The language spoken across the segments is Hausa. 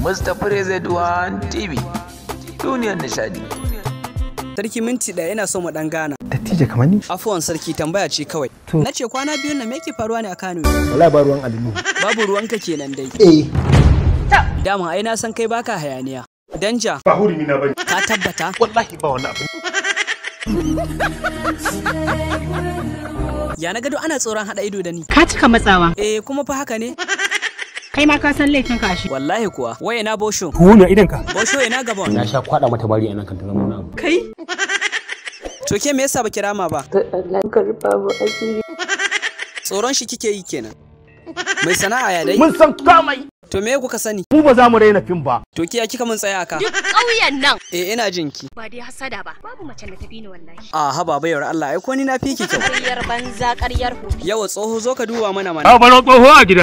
Mustapha Rezaid TV duniyar nishadi. Sarki minti ɗaya yana so mu ɗan gana. Dattijo kamar ni? Afuwan sarki tambaya ce kawai. To. Na ce kwana biyun nan me yake faruwa ne a Kano? Wala ba ruwan abinu. Babu ruwanka kenan dai. Eh. Dama ai na san kai baka hayaniya. Danja. Ba hurumi na bane. Ka tabbata? Wallahi ba wani abu. ya na gado ana tsoron haɗa ido da ni. Ka cika matsawa. Eh kuma fa haka ne. Kai ma ka san laifin ka shi. Wallahi kuwa. waye na Bosho. Wuna idan ka. Bosho ina Gabon. Na sha kwada mata bari anan kan ta zama abu. Kai. To ke me yasa baki rama ba? Allah ka rufa mu asiri. Tsoron shi kike yi kenan. Mai sana'a ya dai? Mun san komai. To me kuka sani? Mu ba za mu raina fim ba. To kiya kika mun tsaya ka? Duk ƙauyen nan. Eh ina jin ki. Ba dai hasada ba. Babu mace da ta bi ni wallahi. A ah, ha baba yawar Allah ai ko ni na fi ki kyau. Ƙaryar banza ƙaryar hobi. Yawa tsoho zo ka duba mana mana. ba baro tsoho a gida.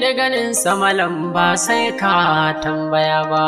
da ganin samalan ba sai ka tambaya ba.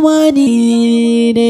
zamani